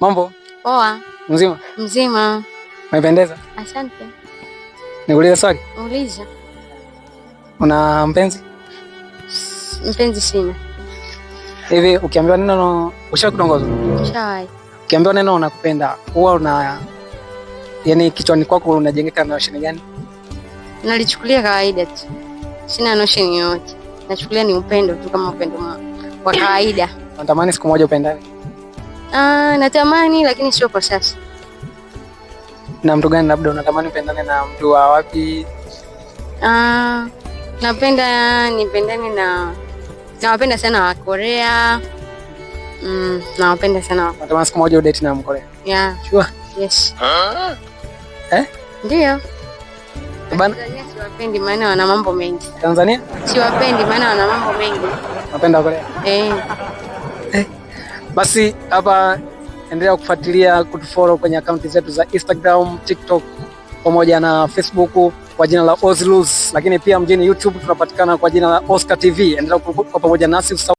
Mambo? Poa. Mzima? Mzima. Umependeza? Asante. Nikuulize swali? Uliza. Una mpenzi? Mpenzi sina. Hivi ukiambiwa neno ushawahi kutongoza? Ushawahi. Ukiambiwa neno unakupenda, huwa una yani kichwani kwako unajengeka na notion gani? Nalichukulia kawaida tu. Sina notion yoyote. Nachukulia ni upendo tu kama upendo wa kawaida. Natamani siku moja upendane. Ah, natamani lakini sio kwa sasa. Na mtu gani labda unatamani upendane na mtu wa wapi? Ah, napenda nipendane na nawapenda sana wa Korea. Mm, nawapenda sana wa. Natamani siku moja udate na Mkorea. Yeah. Sure. Yes. Ah. Eh? Ndio. Bana, siwapendi maana wana mambo mengi. Tanzania? Siwapendi maana wana mambo mengi. Napenda Korea. Eh. Basi hapa endelea kufuatilia kutufollow kwenye akaunti zetu za Instagram, TikTok pamoja na Facebook kwa jina la Ozlus. lakini pia mjini YouTube tunapatikana kwa jina la Oscar TV. Endelea kwa pamoja nasi.